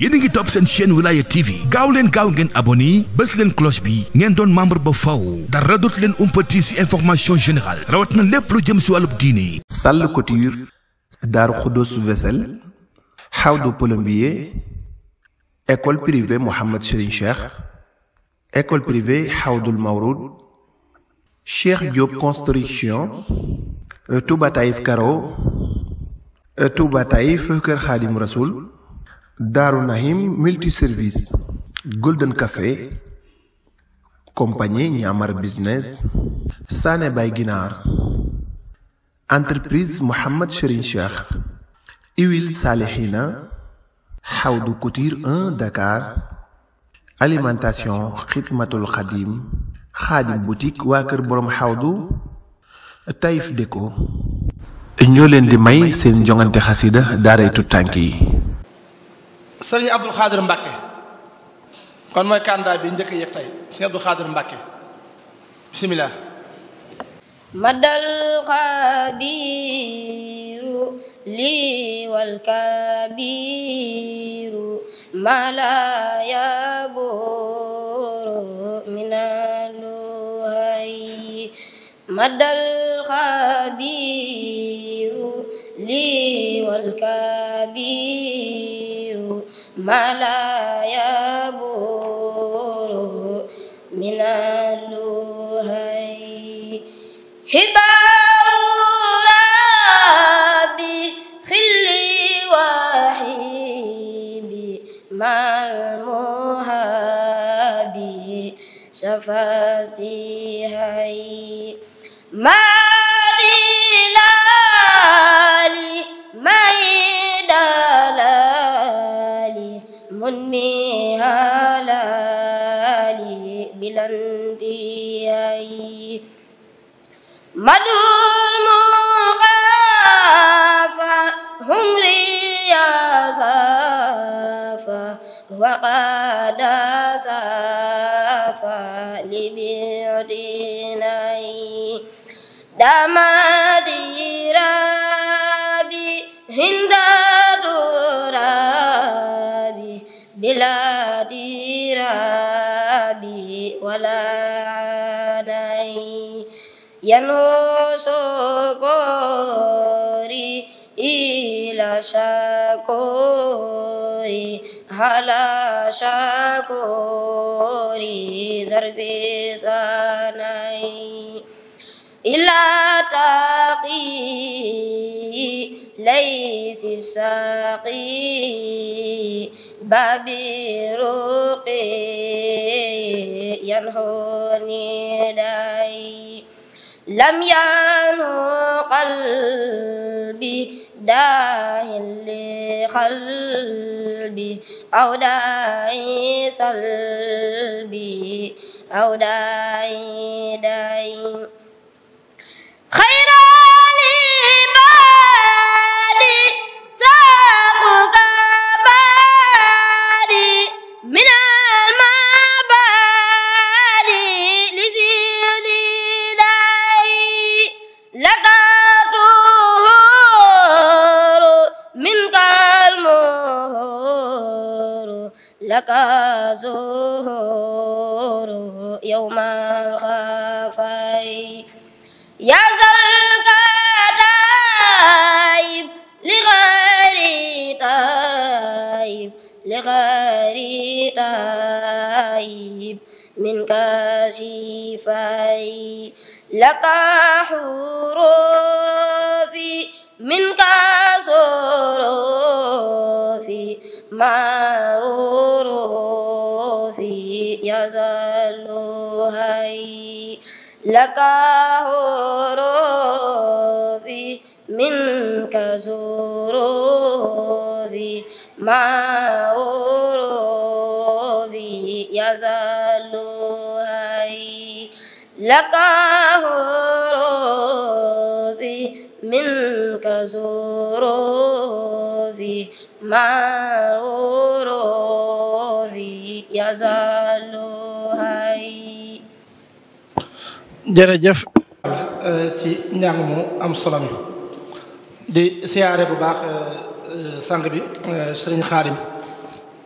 yéen a ngi topp seen chaîne wilaya tv gaaw leen gaaw ngeen abonné bés leen cloche bi ngeen doon membre ba faw dara dootu leen umpati ci information générale rawat na lépp lu jëm si wàllub diini sàll couture daaru xuddoos vaisselle xawdu plombier école privée Mohammed Serigne Cheikh école privée xawdul mawrud Cheikh Diop construction Touba Taïf Karo Touba Taïf Kër Xaadim Rasoul Daaru Nahim multiservice Golden Café compagnie Ñamar business Sané Bay Ginaar entreprise Mohammed Serigne Cheikh Iwil Salihina Xawdu Couture un Dakar alimentation Xidmatul Xadim Xaadim boutique waa kër borom Xawdu Taif Déco ñoo leen di may seen jongante xasida daaray tànk yi sëriñ Abdul Xaadir Mbàkke kon mooy candidat bi njëkk yëg tey sëriñ Abdul Xaadir Mbàkke bismillah madal xabiru lii wal kabiru mala yabo مد الخبير لي والكبير ما لا يبور من اللهي هبار وقد سافى لبعديني دمادير بهند ترابي بلا ديرابي ولا yanoo sokoori ila shakoori hala shakoori zarbi ila taqi laysi saqi babi ruqi yanhoo niday لم ينه قلبي داع لقلبي أو داعي سلبي أو داعي داعي خيرا الزهور يوم الخفي يا زلكتايب لغيري تايب لغيري تايب من كاشفي لك حروفي منك صروفي ما هو يزل هي لك هروبي منك زروبي ما غروبي يزل هي لك هروبي منك زروبي ما غروبي jërëjëf ci njàng mu am solo mi di siyaare bu baax euh, sang bi euh, sëriñ xaadim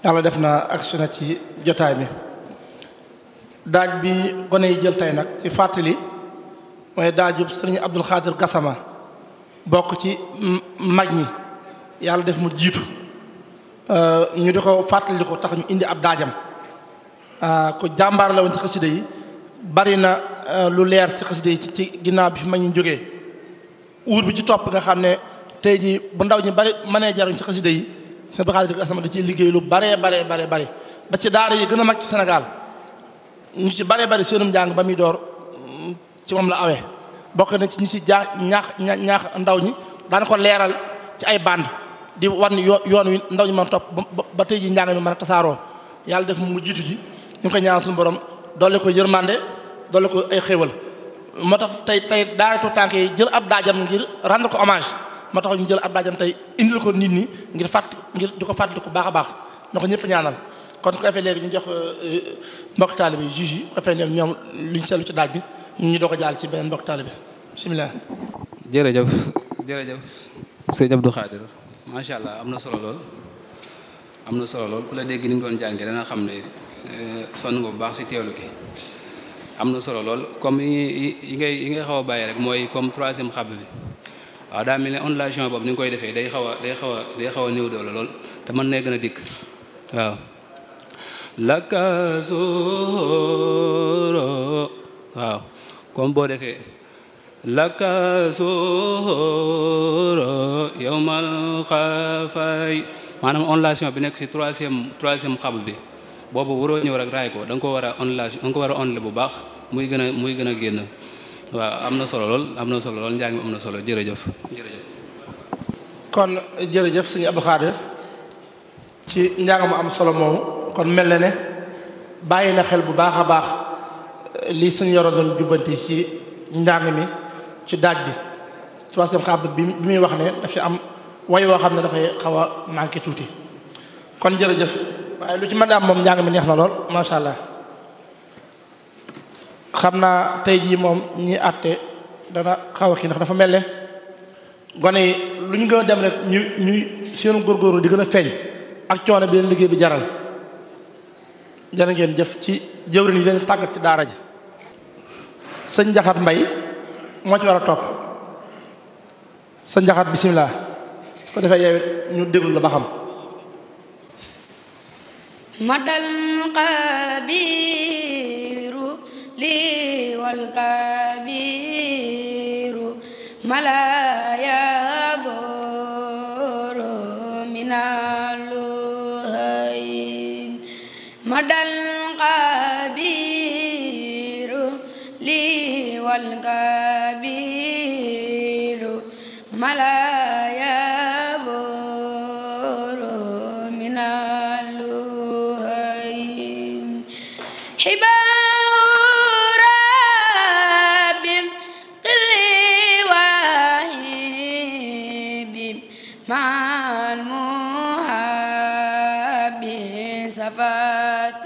yàlla def na action na ci jotaay bi daaj bi gone yi jël tey nag ci fàttali mooy daajub sëriñ abdul xaadir gasama bokk ci mag ñi yàlla def mu jiitu euh, ñu di ko fàttali ko tax ñu indi ab daajam Euh, ko jàmbaar la woon ci xasida yi bari na euh, lu leer ci xasida yi ci ginnaaw bi fi ma ñu jógee uur bi ci topp nga xam ne tey ji bu ndaw ñi bari mënee jaruñ ci xasida yi seen da ciy liggéey lu baree baree bare bari ba ci daara yi gën a mag ci Sénégal ñu ci baree bari seenum njàng ba muy door ci moom la awee bokk na ci ñi ci jaa ñaax ñaax ndaw ñi daan ko leeral ci ay bande di wan yoon wi ndaw ñi ma topp ba tey ji njàng mi man a tasaaroo yàlla def mu jiitu ji ñu ngi koy ñaan suñu borom doole ko yërmande doole ko ay xéwal moo tax tey tey daaratu tànk yi jël ab daajam ngir rendre ko hommage moo tax ñu jël ab daajam tey indil ko nit ñi ngir fàtt ngir di ko fàttali ko baax a baax na ko ñëpp ñaanal kon su ko defee léegi ñu jox euh, mbokk taalibe yi juge yi ko ñoom ñoom lu ñu seetlu ci daaj bi ñu doo ko jàll ci beneen mbokk taalibe bisimilah. jërëjëf jërëjëf sëñ Abdou Khadir macha allah am na solo lool am na solo lool ku la dégg ni mu doon jànge dana xam ne. Eh, son nga bu baax si teewlu gi am na solo lool comme yi yi ngay yi ngay xaw a bàyyi rek mooy comme troisième xab bi waaw daa mel ne lasion boobu ni nga koy defee day xaw a day xaw a day xaw a néew doole lool te mën na gën a dikk waaw laka sooro waaw comme boo defee laka sooro yow mal xafay maanaam ondulation bi nekk si troisième troisième xab bi boobu waroo ñëw rek raay ko da ko war a on ko war a on la bu baax muy gën a muy gën a génn waaw am na solo lool am na solo lool njàng am na solo jërëjëf jërëjëf jërëjëf sëñ Abdou Khadir ci njàng mu am solo moomu kon mel na ne bàyyi na xel bu baax a baax eh, lii sëñ yoro doon yi ci njàng mi ci daaj bi troisième xaab bi bi muy wax ne dafa am woy woo xam ne dafay xaw a manqué tuuti kon jërëjëf waaye lu ci mën a am moom njàng mi neex na lool macha allah xam naa tey jii moom ñi àtte dana xaw a kii ndax dafa mel ne gone yi lu ñu gën a dem rek ñu ñuy seen góorgóorlu di gën a feeñ ak coono bi leen liggéey bi jaral jërë ngeen jëf ci jëwrin yi leen tàggat ci daara ji sëñ Jaxat Mbay moo ci war a topp sëñ Jaxat bisimilah su ko defee yow ñu déglu la ba xam matal qabiru li wal kabiru mala صفاتها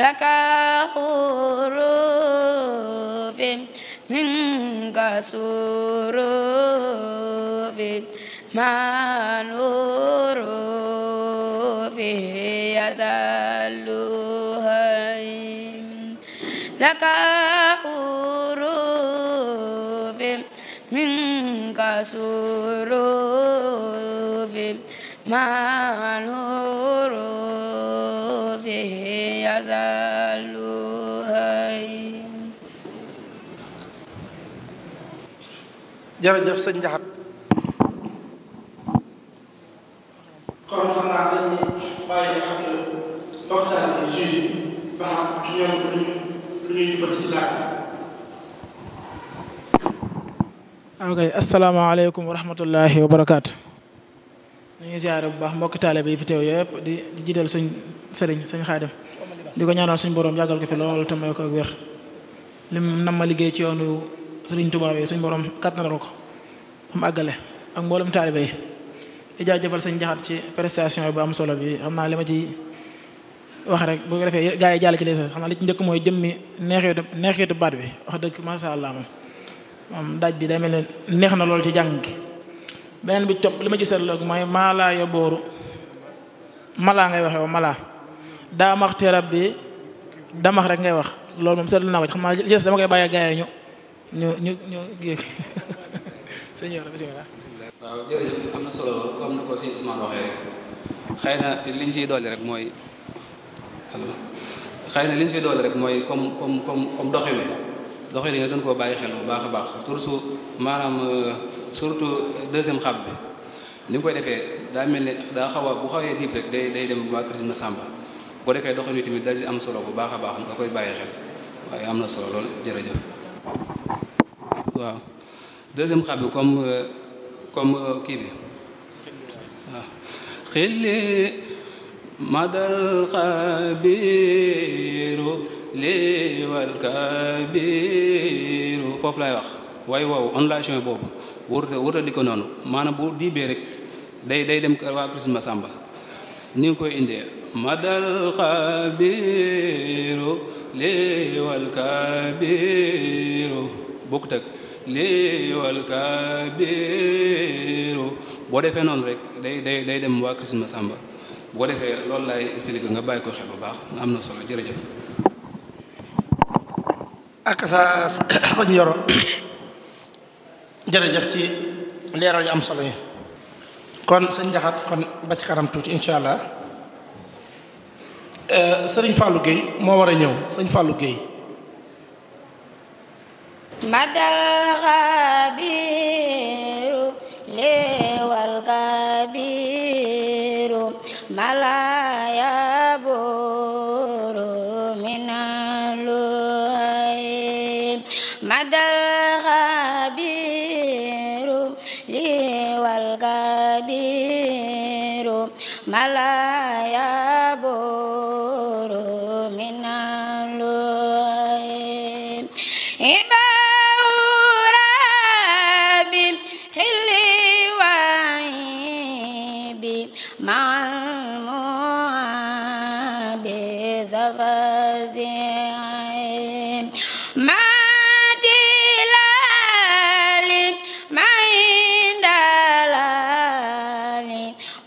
لكحروف من كسروف ما نور فيه يزالها لكحروف من كسروف ما نور فيه jërëjëf sëñ Njaxat kon xam naa dañuy bàyyi ak waxtaan ci laaj ah, ok asalaamaaleykum wa rahmatullahi wa barakaatu ñu ngi ziare bu baax mbokki taalibe yi fi teew yëpp di di jiital sëñ sëriñ sëñ di ko ñaanal suñu borom yàggal ko fi lool te may ko ak wér lim nam ma liggéey ci yoonu Sëriñ Tuubaa bi suñu borom kàttanal ko am àggale ak mboolem taalibe yi di jaajëfal sëñ jaxat ci prestation bu am solo bi xam naa li ma ci wax rek bu ko defee gaa yi jàll ci les xam naa li ci njëkk mooy jëmmi neexitu neexitu baat bi wax dëgg masha Allah daaj bi day mel ne neex na lool ci jàng gi beneen bi topp li ma ci seetlu mooy maalaa ya booru malaa ngay waxee malaa daa maxti bi damax rek ngay wax loolu moom seetlu naa ko xam naa jës dama koy bàyyi gaay ñu ñu ñu ñu yéeg sëñ yow bisimilah waaw am na solo comme ni ko sëñ Ousmane waxee rek xëy na liñ ciy dolli rek mooy xëy na liñ ciy dolli rek mooy comme comme comme comme doxin wi doxin yi nga gën koo bàyyi xel bu baax a baax surtout maanaam euh, surtout deuxième xab bi ni koy defee daa mel ni daa xaw a bu xawee diib rek day day dem waa kër Sëñ Masamba bu ko defee doxalin tamit da si am solo bu baax a baax nga koy bàyyi xel waaye am na solo lool jërëjëf waaw deuxième xab bi comme euh, comme euh, kii bi waaw madal xabiru liiwal kabiru foofu laay wax waaye waaw onlation boobu wërta wërta di ko noonu maanaam bu diibee rek day day dem waa Christmas Samba ni nga koy indee مدى الخبير لي والكبير bokkut ak lii wal boo defee noonu rek day day day dem waa Christmas Masamba bu ko defee loolu laay expliqué nga bàyyi ko xel bu baax am na solo jërëjëf. ak sa sëñ Yoro jërëjëf ci leeral yu am solo yi kon sëñ Jaxat kon ba ci tuuti incha allah. Euh, sëriñ Fallou Gueye moo war a ñëw sëriñ Fallou Gueye madal xabiru leewal xabiru malaya buru minalu hay madal xabiru leewal xabiru malaya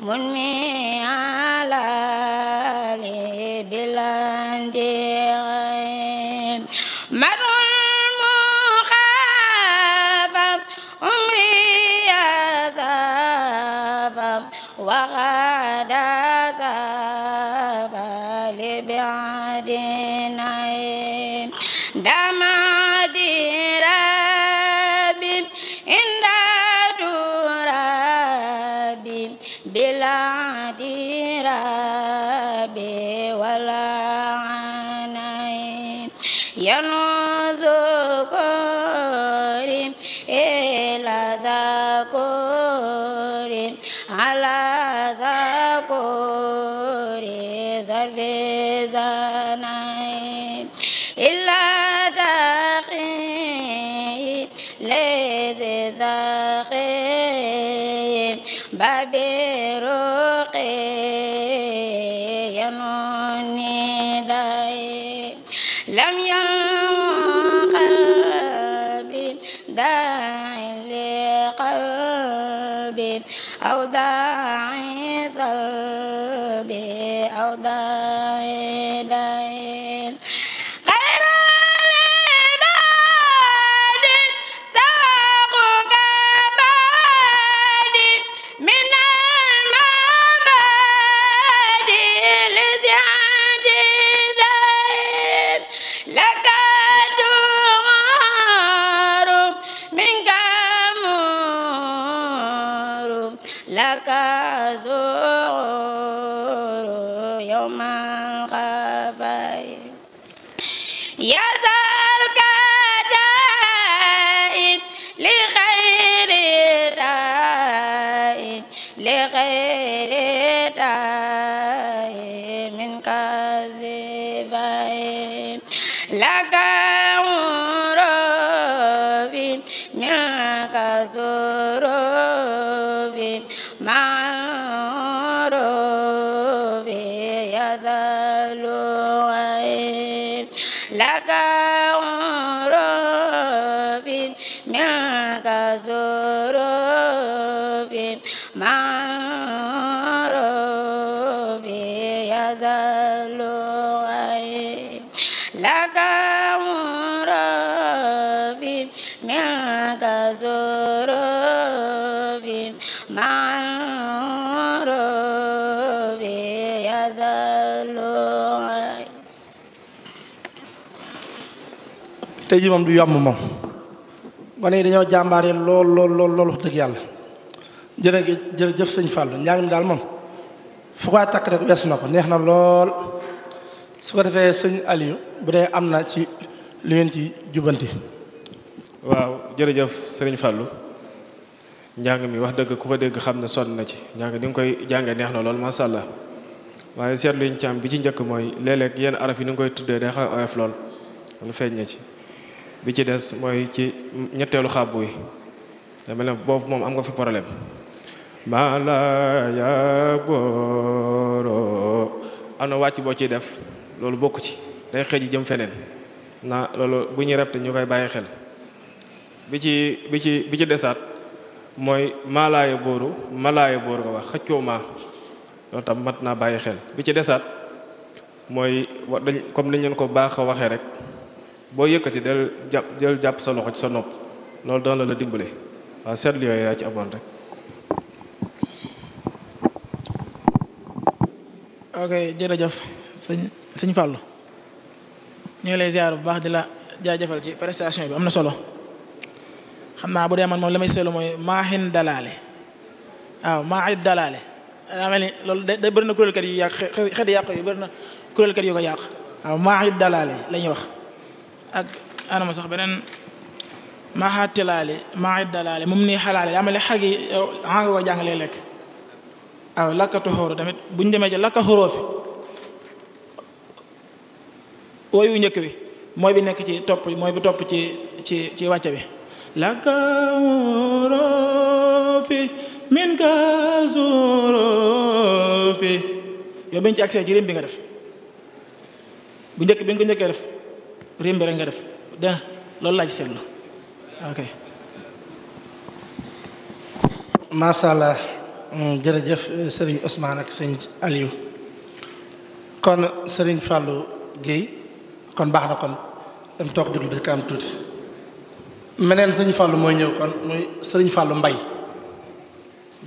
mun mi لك زور يوم القيامة tey jii moom du yomb moom gone yi dañoo jàmbaaree lool lool lool lool wax dëgg yàlla jërë ngi jërëjëf sëñ Fallou njàng mi daal moom fu ko na ko neex na lool su ko defee sëñ Aliou bu dee am na ci lu ngeen ci jubanti waaw jërëjëf sëriñ Fallou njàng mi wax dëgg ku ko dégg xam ne sonn na ci njàng ni nga koy jàngee neex na lool macha allah waaye seetlu ñu ci am bi ci njëkk mooy léeg-léeg yenn araf yi ni nga koy tuddee day xaw a oyof lool loolu feeñ na ci bi ci des mooy ci ñetteelu xàbbu yi dama boobu moom am nga fi problème mala ya am na wàcc boo ci def loolu bokk ci day xëj jëm feneen na loolu bu ñuy repte ñu koy bàyyi xel bi ci bi ci bi ci desaat mooy maalaaya bóoru malaaya bóoru nga wax xëccoo maa loolu tam mat naa bàyyi xel bi ci desaat mooy dañ comme dañ leen ko baax a waxee rek boo yëkkati del jàpp del jàpp sa loxo ci sa nopp loolu dana la dimbale waaw seetlu yooyu yaa ci amoon rek. ok jërëjëf sëñ sëñ Fallou ñu ngi lay bu baax di la jaajëfal ci prestation bi am na solo xam naa bu dee man moom la may seetlu mooy maaxin dalaale waaw maaxin dalaale. daa mel ni loolu day bëri na kuréelkat yu yàq xeeti yàq yu bëri na kuréelkat yu ko yàq waaw maaxin dalaale la ñuy wax. ak anama sax beneen maaxaa tilaali maaxi dalaali moom nii xalaali daa mel ni xag yi xag ko jàngalee lekk waaw lakkatu tamit buñ demee ci lakka xóoroo fi wooyu njëkk wi mooy bi nekk ci topp mooy bi topp ci ci ci wàcce bi lakka xóoroo fi min ka xóoroo fi yow biñ ci accès ci rim bi nga def bu njëkk bi nga ko def rémbi rek nga def loolu laaj ci seetlu ok macha allah mm, jërëjëf euh, sëriñ osmaan ak sëriñ Aliou kon sëriñ fàllu Guèye kon baax na kon dem toog déglu bi ka am tuuti meneen sëriñ Fallou mooy ñëw kon muy sëriñ fàllu mbay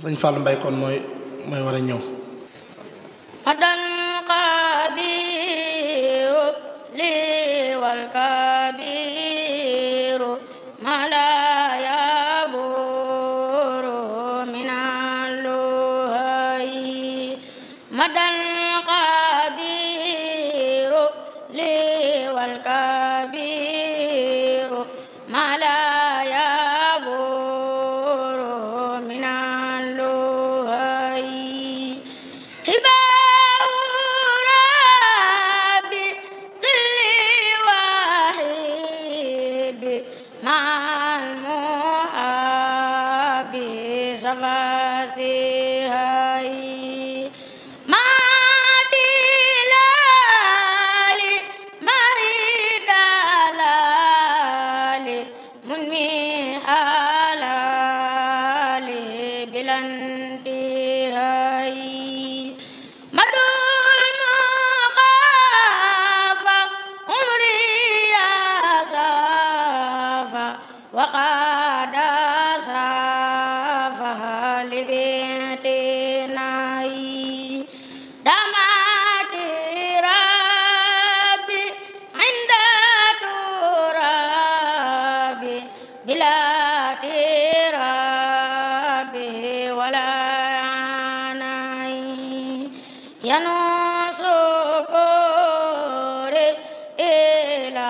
sëriñ Fallou Mbaye kon mooy mooy war a ñëw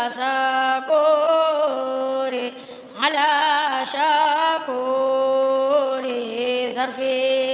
شكوري على شكوري ظرفي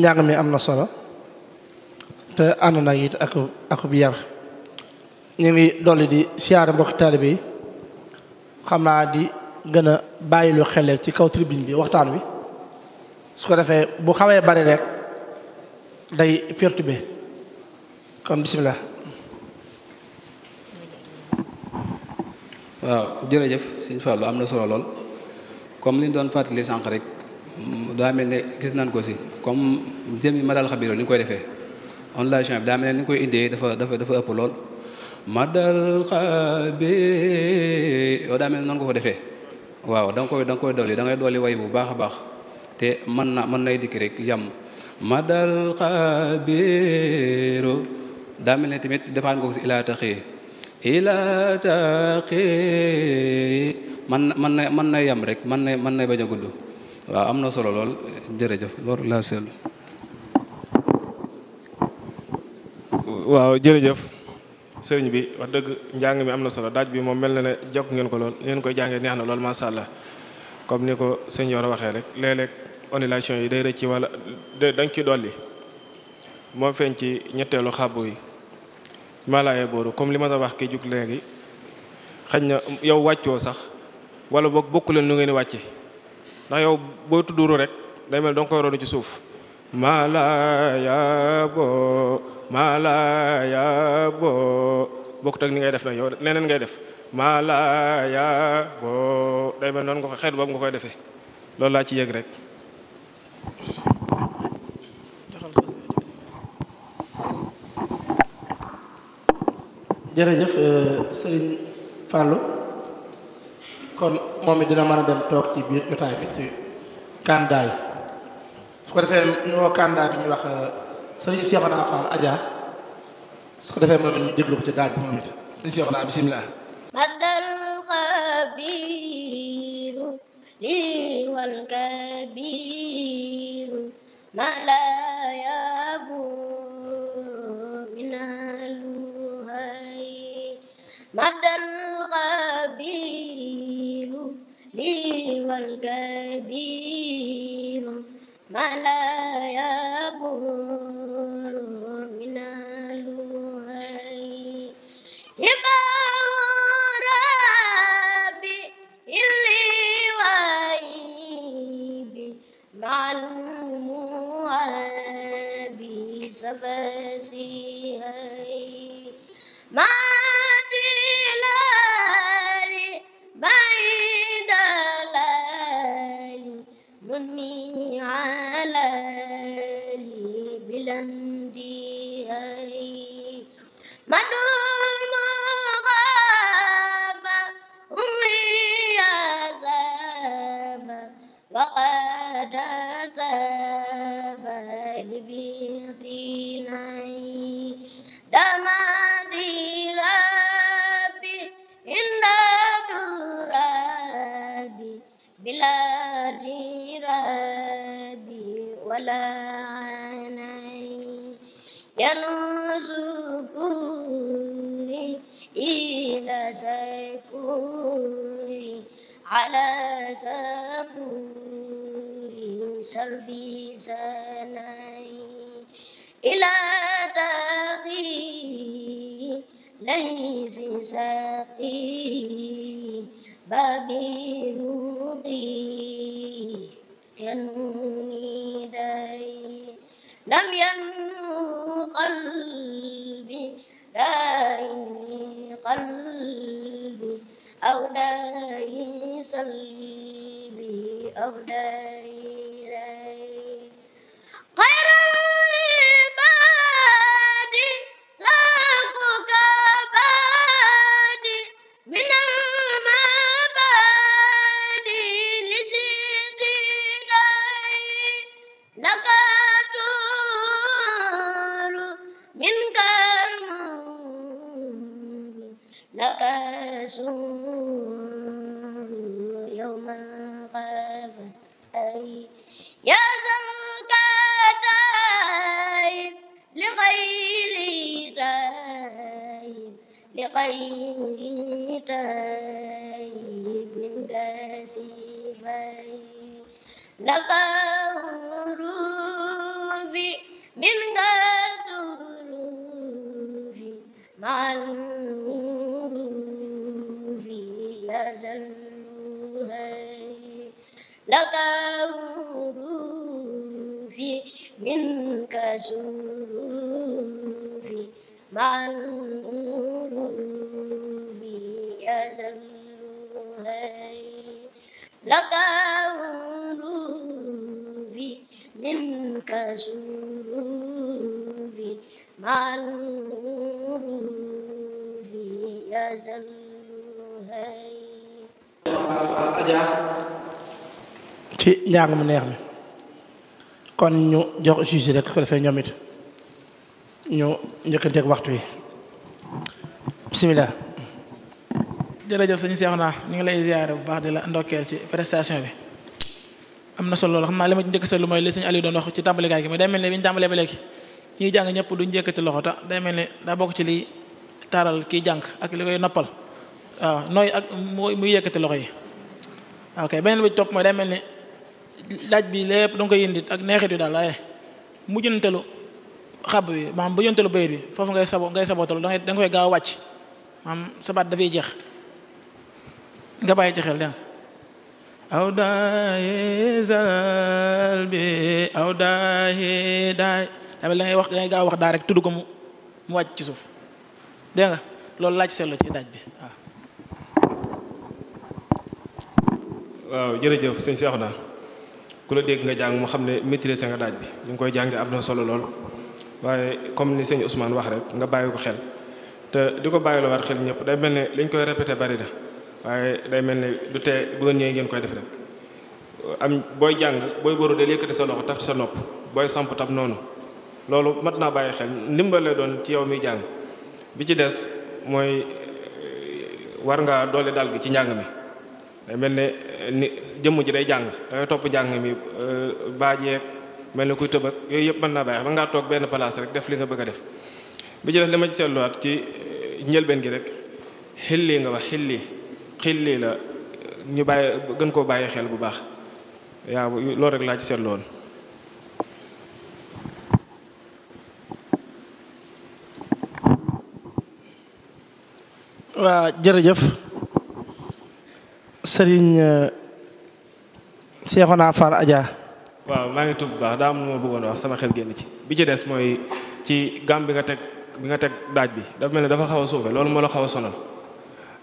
njàng mi am na solo te ànd nag it ak akub yar ñu ngi dolli di siyaare mbokki taalibe xam naa di gën a bàyyilu xele ci kaw tribune bi waxtaan wi su ko defee bu xawee bari rek day perturbé kon bisimilah. waaw jërëjëf sëñ Fallou am na solo lool comme li doon fàttali sànq rek daa mel ne gis nañ ko si. comme jëmi madal xabiro ni ñu koy defee online bi daa mel ni ñu koy indee dafa dafa dafa ëpp lool madal xabiro defee waaw da nga koy da nga way bu baax a baax te mën na mën nay dikk rek yam madal xabiro daa mel ne tamit defaan nga ko si ilaa taxee ilaa taxee mën na mën na mën na yam rek mën na mën na bañ a gudd waaw am na solo lool jërëjëf loolu laa seetlu waaw jërëjëf sëriñ bi wax dëgg njàng mi am na solo daaj bi moom mel na ne jokk ngeen ko lool ngeen koy jàngee neex na lool macha allah comme ni ko sëñ a waxee rek léeg-léeg ondulation yi day rëcc wala dañ ci dolli moo feeñ ci ñetteelu xàbbu yi malaayee booru comme li ma la wax ki jug léegi xañ na yow wàccoo sax wala boog bokku leen nu ngeen wàcce ndax yow boo tudduru rek day mel koy roonu ci suuf malaya bo malaya bo bokkut ak ni ngay def nag yow leneen ngay def malaya bo day mel noonu nga ko xeet boobu nga koy defee loolu laa ci yëg rek jërëjëf euh, Serigne Fallou kon moom it dina mën a dem toog ci biir jotaay bi su ko defee ñu woo candidat bi ñuy wax euh, sëriñ Cheikhouna Fall Adja su ko defee moom it ñu déglu ko ci daaj bi moom it sëriñ Cheikhouna bisimilah madal xabiru lii wal kabiru ma la yaburu minaluhay madal xabiru لي والكبير ما لا يبور من الوهي ربي إلي وعيبي مع الموهبي سفر تغني على بلندي مدو المغابة أمري يا زابة وقد زابة الغرور على زبور سلبي زناي إلى تقي ليس سقي بابي نوقي ينوني داي لم ينو قلبي داي قلبي أو لا يصل به أو لا الرسول يوم القيامة يا زكاة لغير تائب لغير تائب من كسبي لقاه من كسروف مع زلوها لقوا في منك سروفي مع الغروب يا زلوها لقوا في منك سروفي مع الغروب يا زلوها ajaa ci njàng mu neex mi kon ñu jox juge rek ko defee ñoom it ñu njëkkanteeg waxtu yi bisimilah. jërëjëf sëñ Cheikhouna ñu ngi lay ziare bu baax di la ndokkeel ci prestation bi am na solo loolu xam naa li ma njëkk sa lu mooy li sëñ Aliou doon wax ci tàmbalikaay gi mais day mel ne bi ñu tàmbalee ba léegi ñuy jàng ñëpp du njëkkati loxo ta day mel ne daa bokk ci liy taaral kiy jàng ak li koy noppal. waaw nooy ak muy yëkkati loxo yi ok beneen bi topp mooy day mel ni laaj bi lépp da nga koy indi ak neexit yu daal waaye mujjantelu xab bi maanaam mujjantelu bayit bi foofu ngay saboo ngay sabootalu da nga koy gaaw wàcc maanaam dafay jeex nga bàyyi ci xel dégg aw wax da gaaw wax daa rek tudd ko mu mu wàcc ci suuf dégg nga loolu laaj seetlu ci daaj bi waaw jërëjëf sëñ Seexuna ku la dégg nga jàng mu xam ne maîtriser nga daaj bi li nga koy jàngee am na solo lool waaye comme ni sëñ Ousmane wax rek nga bàyyi ko xel te di ko bàyyi la war xel ñëpp day mel ne liñ koy répété bari na waaye day mel ne du tee bu ngeen ñëwee ngeen koy def rek am booy jàng booy bëru de yëkkati sa loxo taf sa nopp booy samp tam noonu loolu mat naa bàyyi xel ndimbal la doon ci yow miy jàng bi ci des mooy war ngaa doole dal gi ci njàng mi day mel ne eh, ni jëmm ji day jàng dangay topp jàng mi eh, baajeeg mel ni kuy tëbëk yooyu yëpp mën naa bàyyi ba ngaa toog benn place rek def li nga bëgg a def bi ci def li ma ci seetluwaat ci eh, njëlbeen gi rek xilli nga wax xilli xilli la ñu bàyyi gën koo bàyyi xel bu baax yaa loolu rek laa ci seetlu woon waa jërëjëf Serigne euh, Cheikhouna Fall Adja. waaw maa ngi tudd bu baax daa am lu ma bëggoon wax sama xel génn ci bi ci des mooy ci gam bi nga teg bi nga teg daaj bi dafa mel ne dafa xaw a suufe loolu moo la xaw a sonal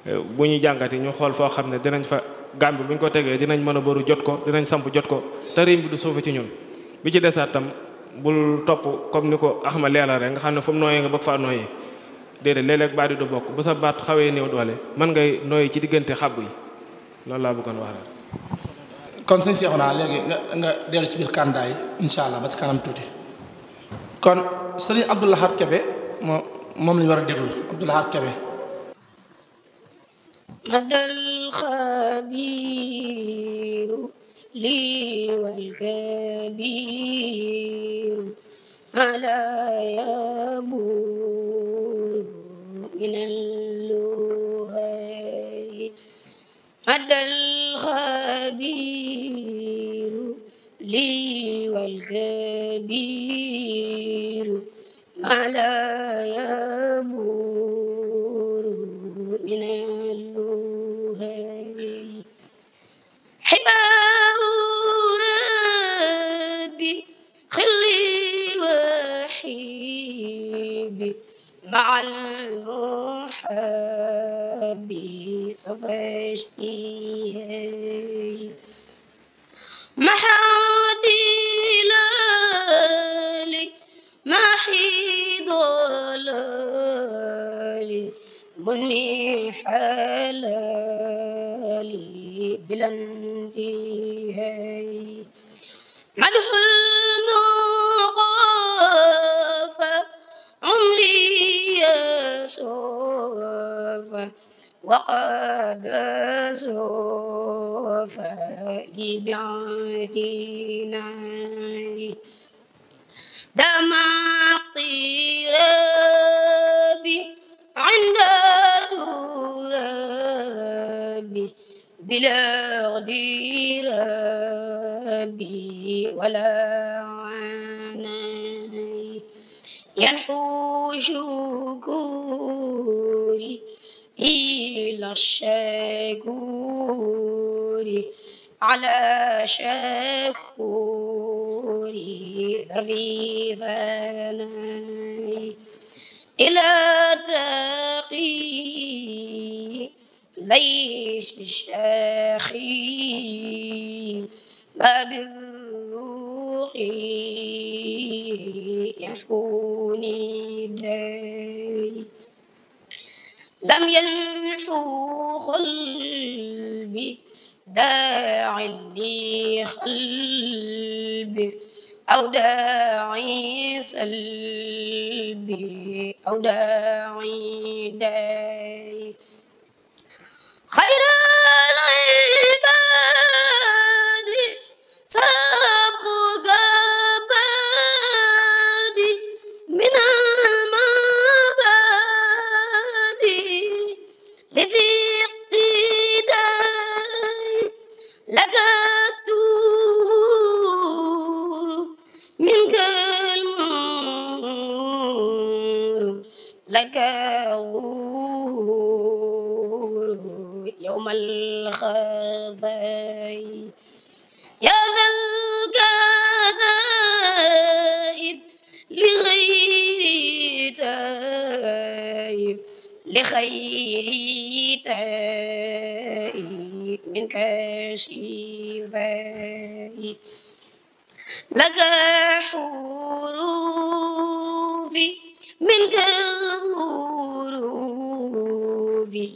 euh, bu ñuy jàngati ñu xool foo xam ne dinañ fa gam bi bu ñu ko tegee dinañ mën a bëru jot ko dinañ samp jot ko te rim bi du suufe ci ñun bi ci desaat tam bul topp comme ni ko axama leela rek nga xam ne fu mu nooyee nga bëgg faa nooyee déedéet léeg-léeg baat yi du bokk bu sa baat xawee néew doole mën ngay nooyi ci diggante xàbb loolu laa bëggoon wax rek. kon sëñ Cheikhouna léegi nga nga dellu ci biir kàndaay incha allah ba tuuti kon sëriñ Abdou Lahad Kébé moom moom war a déglu Abdou Lahad Kébé. madal xabiiru lii wal kabiiru ala yabuuru minal أتى الخبير لي والكبير ما لا يبور من اللهي حباء ربي خلي وحيبي مع الموت حبي سوف يشتهي محادي لالي محيد لالي مني حلالي بلا انتهاي مدح المقافى عمري سوف وقد سوف لبعدنا دمع الطراب عند تراب بلا غدير ولا يحوش كوري إلى الشكور على شكوري ذري ثناي إلى تقي ليش الشاخي ما بالروح يحوش لله لم ينحوا قلبي داع لقلبي أو داعي سلبي أو داعي داي خير العلم لقدور من قلمور لقور يوم الخفي يا ذا القذائب لغير تايب لخير تايب من كشفائي لك حروفي من كالغروفي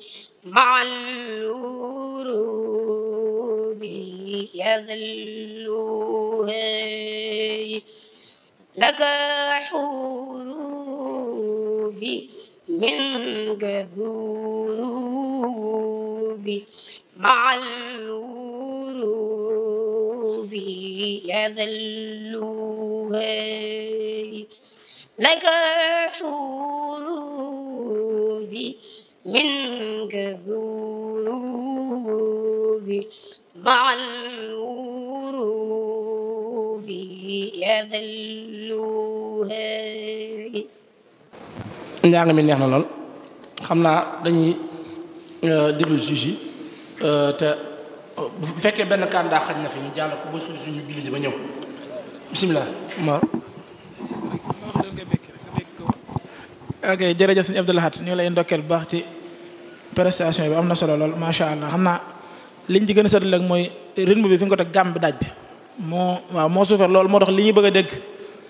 مع الغروب يظلها لك حروفي من كذروبي مع الغروب يذلها لك حروب منك ذروب مع الغروب يذلها njàng mi neex na lool xam naa dañuy euh, déglu juge yi Euh, te bu fekkee benn kàndaa xaj na fi ñu jàll ko boo xëy ñu julli ji ba ñëw bisimilah. ok jërëjëf sëñ Abdou Lahad ñu lay ndokkeel bu baax ci prestation bi am na solo lool macha allah xam naa liñ ci gën a seetlu rek mooy rythme bi fi nga ko teg gàmm bi daaj bi moo waaw moo suufee loolu moo tax li ñu bëgg a dégg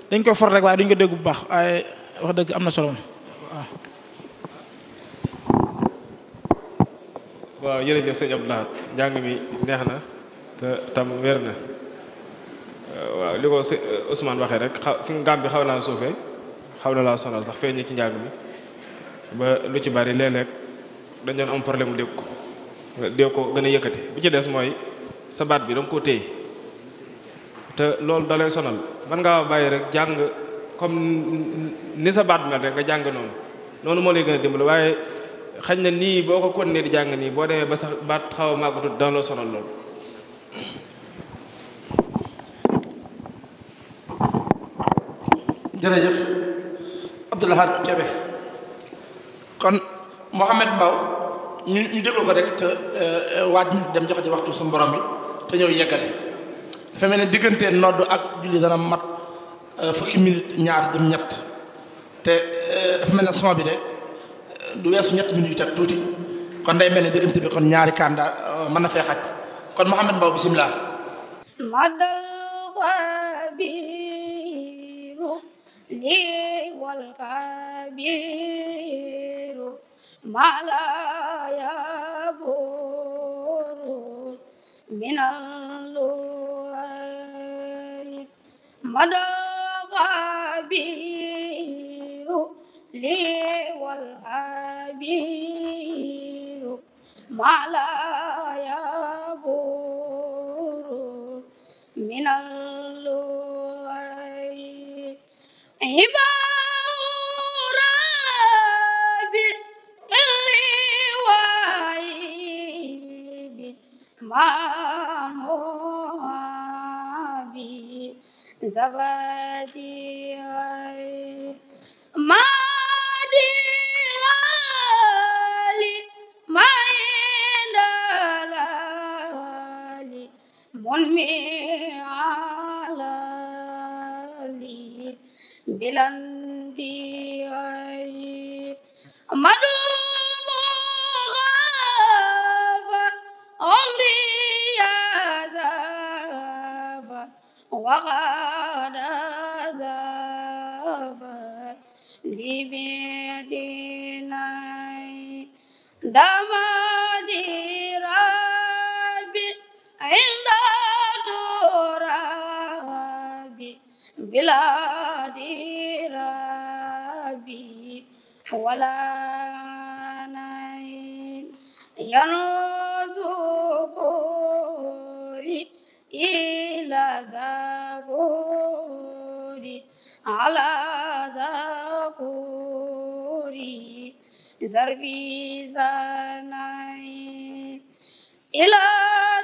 dañ koy for rek waaye duñ ko dégg bu baax waaye wax dëgg am na solo waaw. waaw jërëjëf sëñ Abdou Lahad njàng mi neex na te tam wér na waaw li ko Ousmane waxee rek fi ngaam bi xaw naa suufee xaw na laa sonal sax feeñee ci njàng mi ba lu ci bari lee léeg dañ doon am problème mu dégg ko dégg ko gën a yëkkati bu ci des mooy sa baat bi danga koo téye te loolu da lay sonal man ngaa bàyyi rek jàng comme ni sa baat mel rek nga jàng noonu noonu moo lay gën a dimbali waaye. xañ na nii boo ko continuer di jàng nii boo demee ba sax ba xaw a màggatu daan loo sonal loolu jërëjëf Abdoul Ahad Kébé kon Mouhamed Mbaw ñu ñu déglu ko rek te euh, euh, waaj dem joxe ci waxtu suñu borom bi te ñëw yeggale dafa mel ne diggante nodd ak julli dana mat euh, fukki minute ñaar jëm ñett te dafa mel ne son bi de du weesu ñett minutes yu teg tuuti kon day mel ni diggante kon ñaari kànda euh, mën na fee xaj kon Mouhamed Mbow bisimilah. madal xabiru wal xabiru mala yaburu minal lu madal xabiru لي والعبير ما لا يبور من اللؤي عبار بالرواي ما هو بزبادي ما المعلال بالانبياء مدمغاف عمري يا زاف وغاف بلا ربي ولا نعيم يرزقني إلى زقوري على زقوري زربي زناي إلى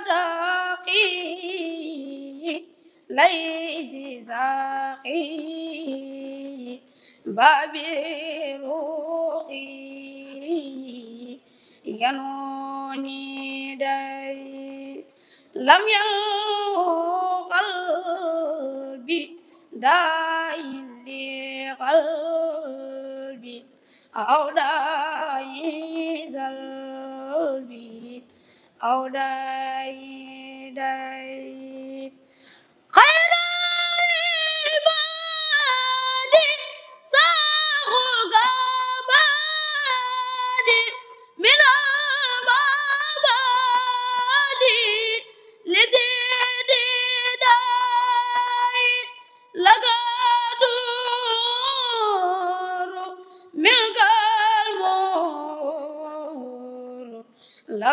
دقيق ليس ساقي بابروقي ينوني داي لم ينغ قلبي داي لقلبي أو داي زلبي أو داي داي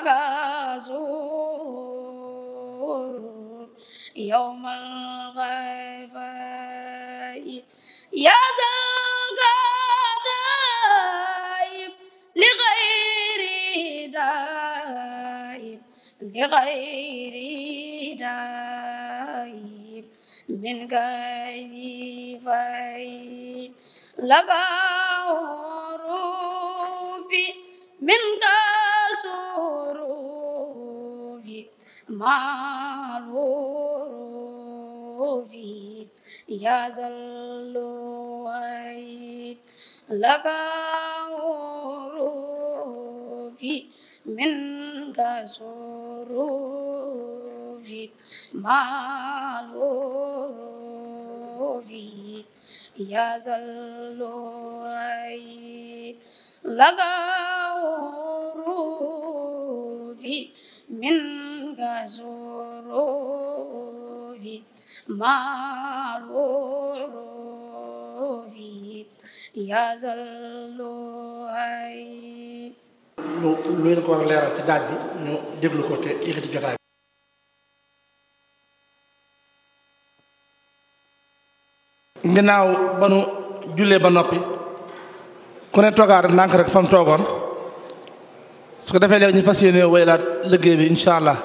وكازور يوم الغيب يا ذا غائب لغير دائب لغير دائب من غيظ لك عروبي من غيظ مع الورود يظل وعيد لك غروبي منك سروري مع الورود يظل وعيد لك غروبي في من غزوروف معروف يزل هاي lu lu ngeen ko war a ci daaj bi ñu déglu ko te yëkkati jotaay bi ginnaaw ba nu jullee ba noppi ku ne toogaat ndànk rek fa mu su ko defee léegi ñu fas yéene waylaat liggéey bi incha allah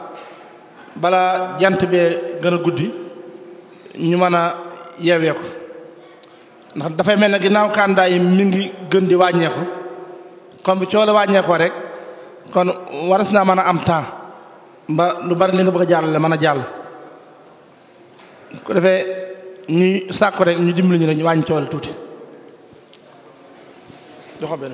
balaa jant bee gën a guddi ñu mën a yeewee ko ndax dafay mel ne ginnaaw kàndaa yi mi ngi gën di wàññeeku comme bi coole wàññeekoo rek kon waras naa mën a am temps ba lu bari li nga bëgg a jàllale mën a jàll ko defee ñuy sàkku rek ñu dimbali ñu rek ñu wàññi coole tuuti joxo benn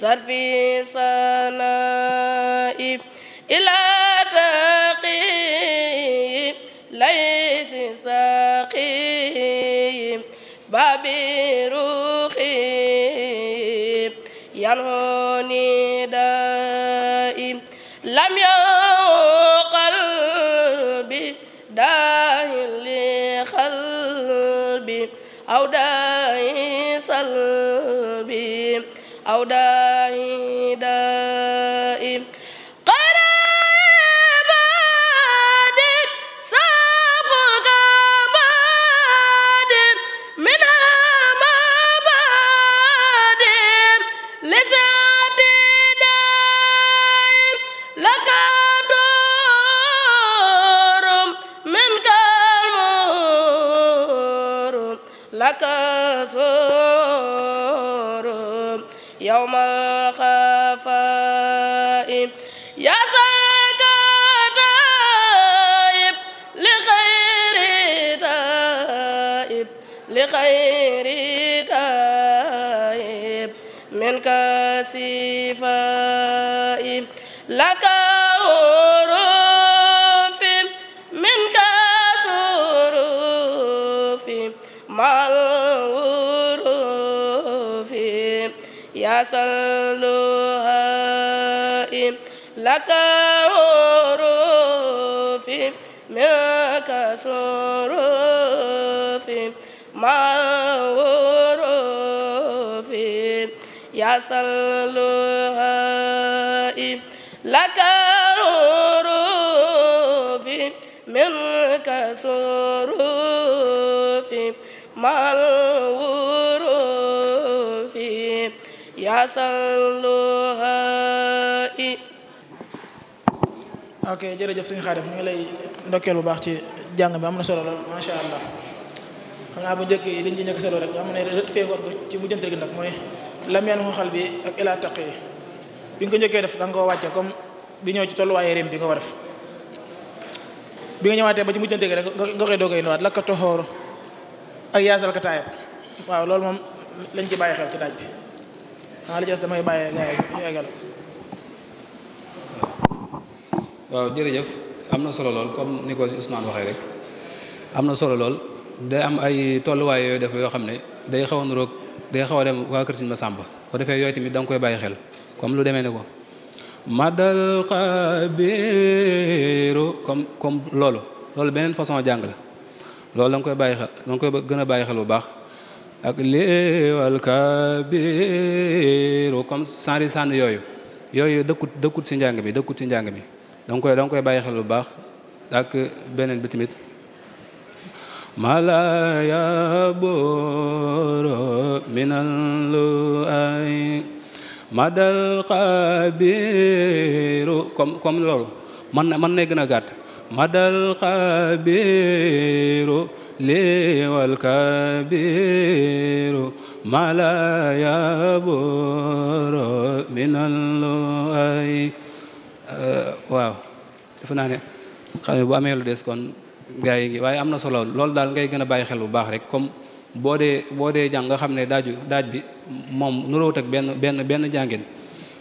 sarfi لك سور يوم الخفاء يا سلك تائب لخير تائب لخير تائب من كسيفات سلوها إن لك عروف منك صروف مع عروف يا سلوها إن لك عروف منك صروف مع العروف ok jërëjëf suñu xaarif ñu ngi lay ndokkeel bu baax ci jàng bi am na solo lool macha allah xam naa bu njëkk yi liñ ci njëkk solo rek am na ret feekoon ko ci bu jëntal gi nag mooy lameen xooxal bi ak ila taq yi bi nga ko njëkkee def danga nga koo wàcce comme bi ñëw ci tolluwaaye rim bi nga ko def bi nga ñëwaatee ba ci mujjante gi rek nga koy doogay nuwaat lakka toxoor ak yaasal ka waaw loolu moom lañu ci bàyyi xel ci daaj bi naa li ci des damay jërëjëf am na solo lool comme ni ko Ousmane waxee rek am na solo lool day am ay tolluwaay yooyu def yoo xam ne day xaw a nurook day xaw a dem waa kër Sëriñ Masamba ko defee yooyu tamit da nga koy bàyyi xel comme lu demee ne ko madal xabiru comme comme loolu loolu beneen façon jàng la loolu da koy bàyyi xel da nga koy gën a bàyyi xel bu baax ak léewal kabiru comme sanri sànn yooyu yooyu dëkkut dëkkut si njàng mi dëkkut ci njàng mi danga koy danga koy bàyyi xel bu baax ak beneen bi tamit malaya boro minan lu ay madal xabiru comme comme loolu man na mën na gën a gàtt madal xabiru لي والكبير ما لا يبور من waaw defe naa ne xam ne bu amee lu des kon gaa yi ngi waaye am na solo loolu daal ngay gën a bàyyi xel bu baax rek comme boo dee boo dee jàng nga xam ne daaju daaj bi moom nuróowut ak benn benn benn jàngin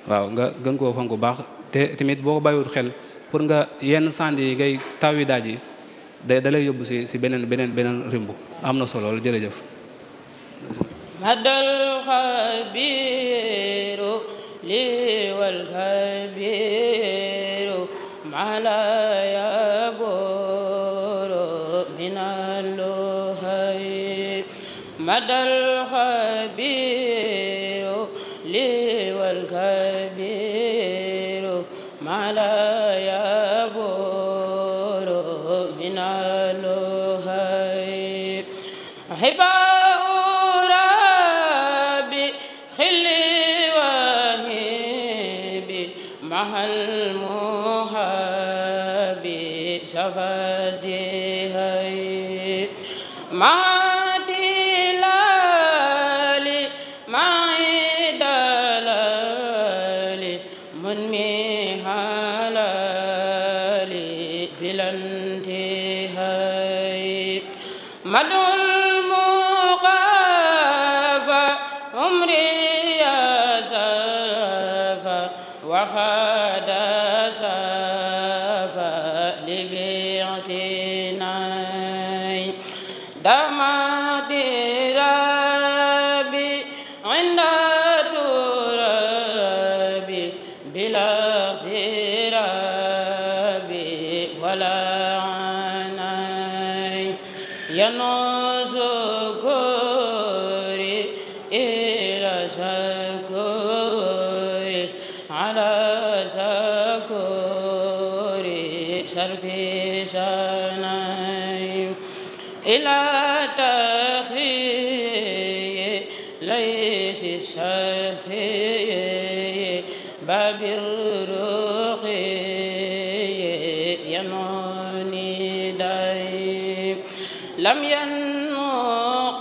waaw nga gën koo fonk bu baax te tamit boo ko bàyyiwut xel pour nga yenn sànd yi ngay taw yi daaj yi day dalay yóbbu si si beneen beneen beneen rimbu am na solo la jërëjëf madal xabiru li wal xabiru mala yaburu min alluhay madal xabiru li wal xabiru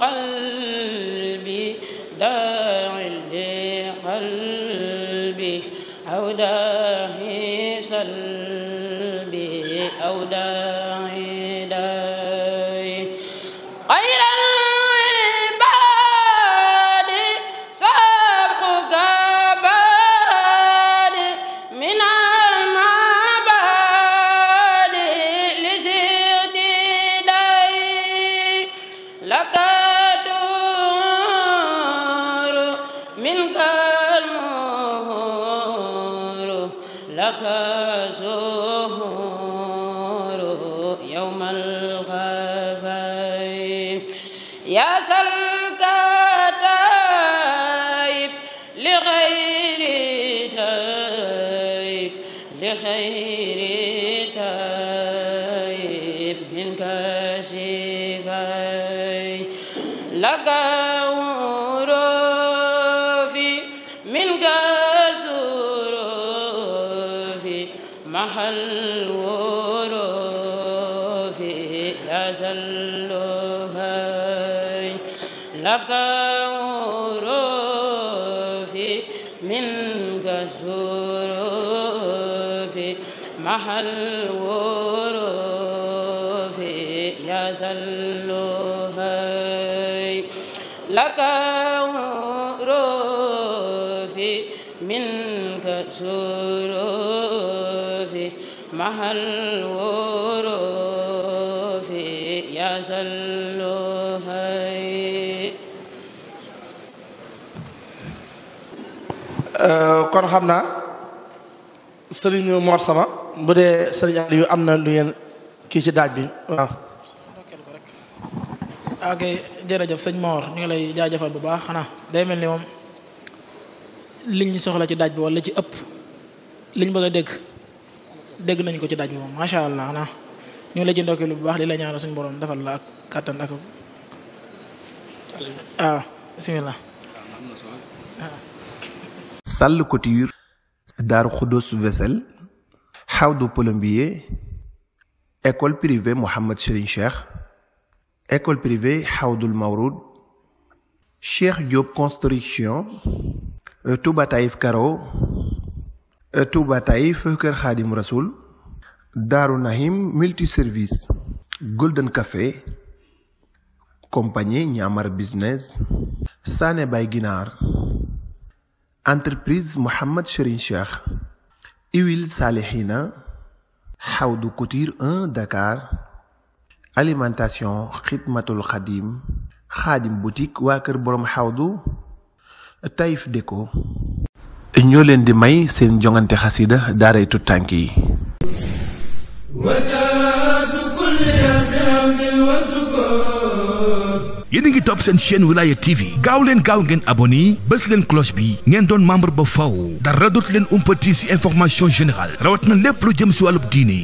قلبي داع لقلبي أو داع الورف يزلها لك ورف منك سرف مع الورف يزلها kon xam naa sëriñ Mor Sama bu dee sëriñ yu am na lu ngeen kii ci daaj bi waaw. ok jërëjëf sëñ Mor ñu ngi lay jaajëfal bu baax xanaa day mel ni moom liñ ñu soxla ci daaj bi wala ci ëpp liñ bëgg dëgg dégg dégg nañ ko ci daaj bi moom macha allah xanaa ñu ngi la ci ndokkeel bu baax li la ñaanal suñu borom defal la ak kàttan ak. waaw bisimilah. Sall Couture. Darou Khoudoss Vaisselle. xawdu plombier école privée Mouhamed Serigne Cheikh école privée xawdul Mawrud Cheikh Diop construction euh, Touba Taïf Karo euh, Touba Taïf Kër Xaadim Rasoul Daaru Nahim multiservice Golden Café compagnie Ñaamar business Sané Bay Ginaar entreprise Mouhamed Serigne Cheikh Huile Salihina xawdu Couture 1 Dakar alimentation Xidmatul Xadim Xaadim boutique waa kër borom Haoudou Taïf Déco ñoo leen di may seen jongante xasida daaray tànk yi yéen a ngi topp seen chaîne Wilaya TV gaaw leen gaaw ngeen abonné bés leen cloche bi ngeen doon membre ba faw dara dootu leen umpati ci information général rawat na lépp lu jëm ci wàllu diini